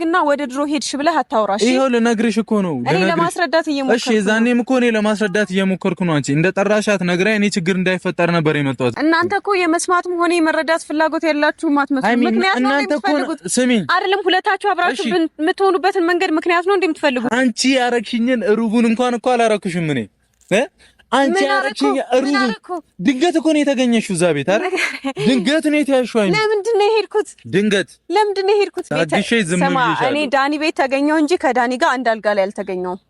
ግና ወደ ድሮ ሄድሽ ብለህ አታውራሽ። ይሄው ልነግርሽ እኮ ነው እኔ ለማስረዳት እየሞከርኩ እሺ፣ እዛኔም እኮ እኔ ለማስረዳት እየሞከርኩ ነው። አንቺ እንደ ጠራሻት ነግራይ እኔ ችግር እንዳይፈጠር ነበር የመጣሁት። እናንተ እኮ የመስማትም ሆነ የመረዳት ፍላጎት ያላችሁ አትመስሉም። ምክንያት ነው እንደምትፈልጉት አይደለም፣ ሁለታችሁ አብራችሁ የምትሆኑበትን መንገድ ምክንያት ነው እንደምትፈልጉት። አንቺ ያረግሽኝን ሩቡን እንኳን እኮ አላረኩሽም እኔ አንቺ ያረችኝ ሩብ ድንገት እኮ ነው የተገኘሽው እዛ ቤት አይደል? ድንገት ነው የተያሽው። አይ ለምንድን ነው የሄድኩት? ድንገት ለምንድን ነው የሄድኩት? እኔ ዳኒ ቤት ተገኘው እንጂ ከዳኒ ጋር አንድ አልጋ ላይ አልተገኘውም።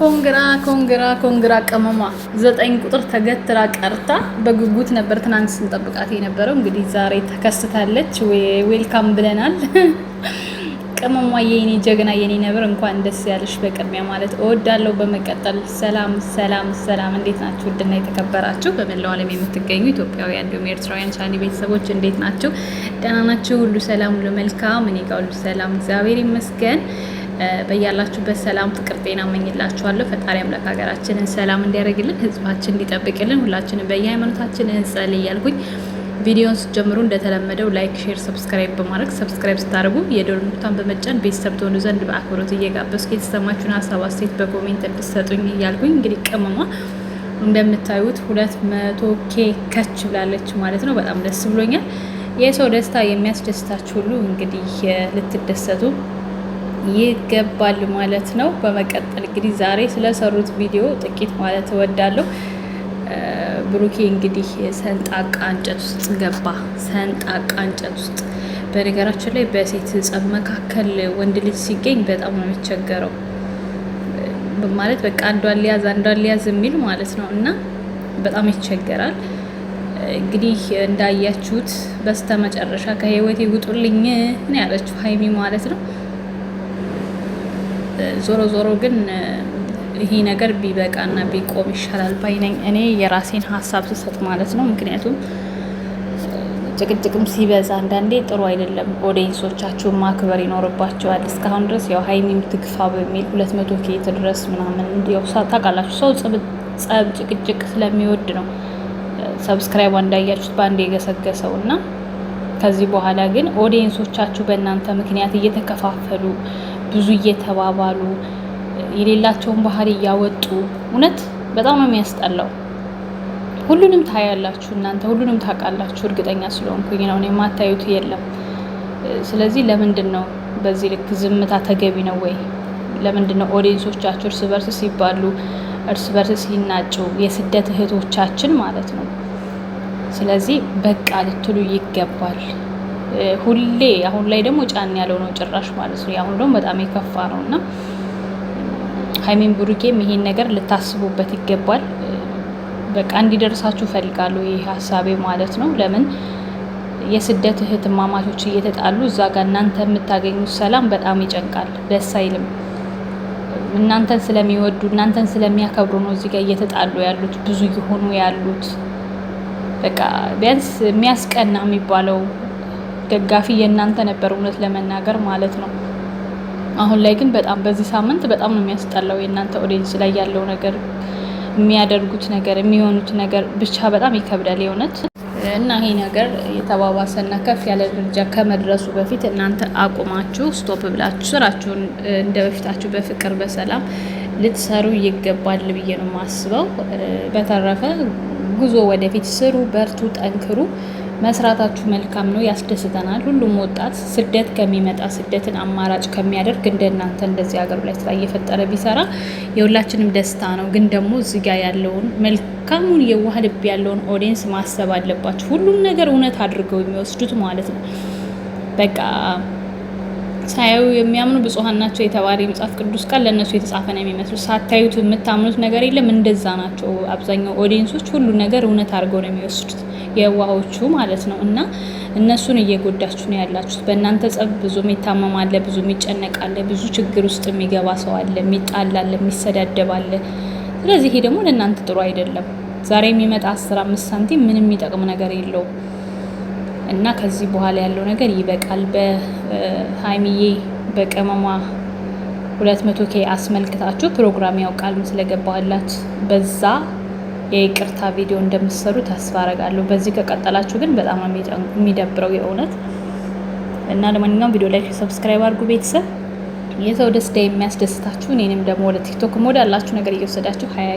ኮንግራ ኮንግራ ኮንግራ ቅመሟ ዘጠኝ ቁጥር ተገትራ ቀርታ በጉጉት ነበር ትናንት ስንጠብቃት የነበረው። እንግዲህ ዛሬ ተከስታለች። ዌልካም ብለናል። ቅመሟ የኔ ጀግና የኔ ነብር እንኳን ደስ ያለሽ። በቅድሚያ ማለት እወዳለሁ። በመቀጠል ሰላም ሰላም ሰላም፣ እንዴት ናችሁ? ውድና የተከበራችሁ በመላው ዓለም የምትገኙ ኢትዮጵያውያን እንዲሁም ኤርትራውያን ቻኒ ቤተሰቦች እንዴት ናችሁ? ደህና ናችሁ? ሁሉ ሰላም፣ ሁሉ መልካም። እኔ ጋር ሁሉ ሰላም፣ እግዚአብሔር ይመስገን። በያላችሁበት ሰላም፣ ፍቅር፣ ጤና እመኝላችኋለሁ። ፈጣሪ አምላክ ሀገራችንን ሰላም እንዲያደርግልን፣ ህዝባችን እንዲጠብቅልን፣ ሁላችንም በየሃይማኖታችን እንጸልይ እያልኩኝ ቪዲዮን ስትጀምሩ እንደተለመደው ላይክ፣ ሼር፣ ሰብስክራይብ በማድረግ ሰብስክራይብ ስታደርጉ የደወል ምልክቱን በመጫን ቤተሰብ ትሆኑ ዘንድ በአክብሮት እየጋበዝኩ የተሰማችሁን ሀሳብ አስተያየት በኮሜንት እንድትሰጡኝ እያልኩኝ እንግዲህ ቅመሟ እንደምታዩት ሁለት መቶ ኬ ከች ብላለች ማለት ነው። በጣም ደስ ብሎኛል። የሰው ደስታ የሚያስደስታችሁ ሁሉ እንግዲህ ልትደሰቱ ይገባል ማለት ነው። በመቀጠል እንግዲህ ዛሬ ስለሰሩት ቪዲዮ ጥቂት ማለት እወዳለሁ። ብሩኬ እንግዲህ ሰንጣቃ እንጨት ውስጥ ገባ። ሰንጣቃ እንጨት ውስጥ በነገራችን ላይ በሴት ጸብ መካከል ወንድ ልጅ ሲገኝ በጣም ነው የሚቸገረው። ማለት በቃ አንዷ ሊያዝ አንዷ ሊያዝ የሚል ማለት ነው እና በጣም ይቸገራል። እንግዲህ እንዳያችሁት በስተ መጨረሻ ከህይወቴ ውጡልኝ ነው ያለችው ሀይሚ ማለት ነው። ዞሮ ዞሮ ግን ይሄ ነገር ቢበቃና ቢቆም ይሻላል ባይነኝ እኔ የራሴን ሀሳብ ስሰጥ ማለት ነው። ምክንያቱም ጭቅጭቅም ሲበዛ አንዳንዴ ጥሩ አይደለም። ኦዲየንሶቻችሁን ማክበር ይኖርባቸዋል። እስካሁን ድረስ ያው ሀይሚም ትግፋ በሚል ሁለት መቶ ኬት ድረስ ምናምን እንዲያው ታውቃላችሁ፣ ሰው ጸብ፣ ጭቅጭቅ ስለሚወድ ነው ሰብስክራይብ እንዳያችሁት በአንድ የገሰገሰው እና ከዚህ በኋላ ግን ኦዲየንሶቻችሁ በእናንተ ምክንያት እየተከፋፈሉ ብዙ እየተባባሉ የሌላቸውን ባህሪ እያወጡ እውነት በጣም ነው የሚያስጠላው። ሁሉንም ታያላችሁ እናንተ ሁሉንም ታውቃላችሁ። እርግጠኛ ስለሆንኩኝ ነው፣ የማታዩት የለም። ስለዚህ ለምንድን ነው በዚህ ልክ ዝምታ ተገቢ ነው ወይ? ለምንድን ነው ኦዲየንሶቻቸው እርስ በርስ ሲባሉ እርስ በርስ ሲናጩ የስደት እህቶቻችን ማለት ነው። ስለዚህ በቃ ልትሉ ይገባል። ሁሌ አሁን ላይ ደግሞ ጫን ያለው ነው ጭራሽ ማለት ነው። አሁን ደግሞ በጣም የከፋ ነው እና ሀይሚን ብሩኬም ይሄን ነገር ልታስቡበት ይገባል። በቃ እንዲደርሳችሁ ፈልጋለሁ ይህ ሀሳቤ ማለት ነው። ለምን የስደት እህትማማቾች እየተጣሉ እዛ ጋር እናንተ የምታገኙት ሰላም በጣም ይጨንቃል፣ ደስ አይልም። እናንተን ስለሚወዱ እናንተን ስለሚያከብሩ ነው እዚህ ጋር እየተጣሉ ያሉት ብዙ እየሆኑ ያሉት። በቃ ቢያንስ የሚያስቀና የሚባለው ደጋፊ የእናንተ ነበር እውነት ለመናገር ማለት ነው። አሁን ላይ ግን በጣም በዚህ ሳምንት በጣም ነው የሚያስጠላው የእናንተ ኦዲየንስ ላይ ያለው ነገር፣ የሚያደርጉት ነገር፣ የሚሆኑት ነገር ብቻ በጣም ይከብዳል የእውነት እና ይሄ ነገር የተባባሰና ከፍ ያለ ደረጃ ከመድረሱ በፊት እናንተ አቁማችሁ ስቶፕ ብላችሁ ስራችሁን እንደ በፊታችሁ በፍቅር በሰላም ልትሰሩ ይገባል ብዬ ነው የማስበው። በተረፈ ጉዞ ወደፊት ስሩ፣ በርቱ፣ ጠንክሩ። መስራታችሁ መልካም ነው፣ ያስደስተናል። ሁሉም ወጣት ስደት ከሚመጣ ስደትን አማራጭ ከሚያደርግ እንደናንተ እንደዚህ ሀገሩ ላይ ስራ እየፈጠረ ቢሰራ የሁላችንም ደስታ ነው። ግን ደግሞ እዚህ ያለውን መልካሙን የዋህ ልብ ያለውን ኦዲየንስ ማሰብ አለባችሁ። ሁሉም ነገር እውነት አድርገው የሚወስዱት ማለት ነው በቃ ሳያዩ የሚያምኑ ብፁዓን ናቸው የተባለ የመጽሐፍ ቅዱስ ቃል ለእነሱ የተጻፈ ነው የሚመስሉት። ሳታዩት የምታምኑት ነገር የለም። እንደዛ ናቸው አብዛኛው ኦዲየንሶች፣ ሁሉ ነገር እውነት አድርገው ነው የሚወስዱት። የዋዎቹ ማለት ነው እና እነሱን እየጎዳችሁ ነው ያላችሁት። በእናንተ ጸብ ብዙ የሚታመም አለ፣ ብዙ የሚጨነቅ አለ፣ ብዙ ችግር ውስጥ የሚገባ ሰው አለ፣ የሚጣላ አለ፣ የሚሰዳደብ አለ። ስለዚህ ይሄ ደግሞ ለእናንተ ጥሩ አይደለም። ዛሬ የሚመጣ አስር አምስት ሳንቲም ምንም የሚጠቅም ነገር የለውም እና ከዚህ በኋላ ያለው ነገር ይበቃል። በሀይሚዬ በቀመሟ ሁለት መቶ ኬ አስመልክታችሁ ፕሮግራም ያውቃል ስለገባላት በዛ የይቅርታ ቪዲዮ እንደምትሰሩ ተስፋ አረጋለሁ። በዚህ ከቀጠላችሁ ግን በጣም የሚደብረው የእውነት እና ለማንኛውም ቪዲዮ ላይ ሰብስክራይብ አድርጉ ቤተሰብ የሰው ደስታ የሚያስደስታችሁ እኔንም ደግሞ ወደ ቲክቶክ ሞድ ያላችሁ ነገር እየወሰዳችሁ ሀያ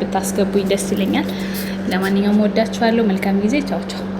ብታስገቡኝ ደስ ይለኛል። ለማንኛውም ወዳችኋለሁ። መልካም ጊዜ። ቻው ቻው።